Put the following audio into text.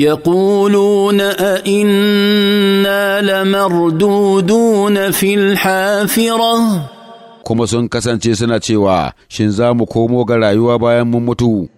يقولون أئنا لمردودون في الحافرة كما سنكسن تيسنا تيوا cewa shin za mu komo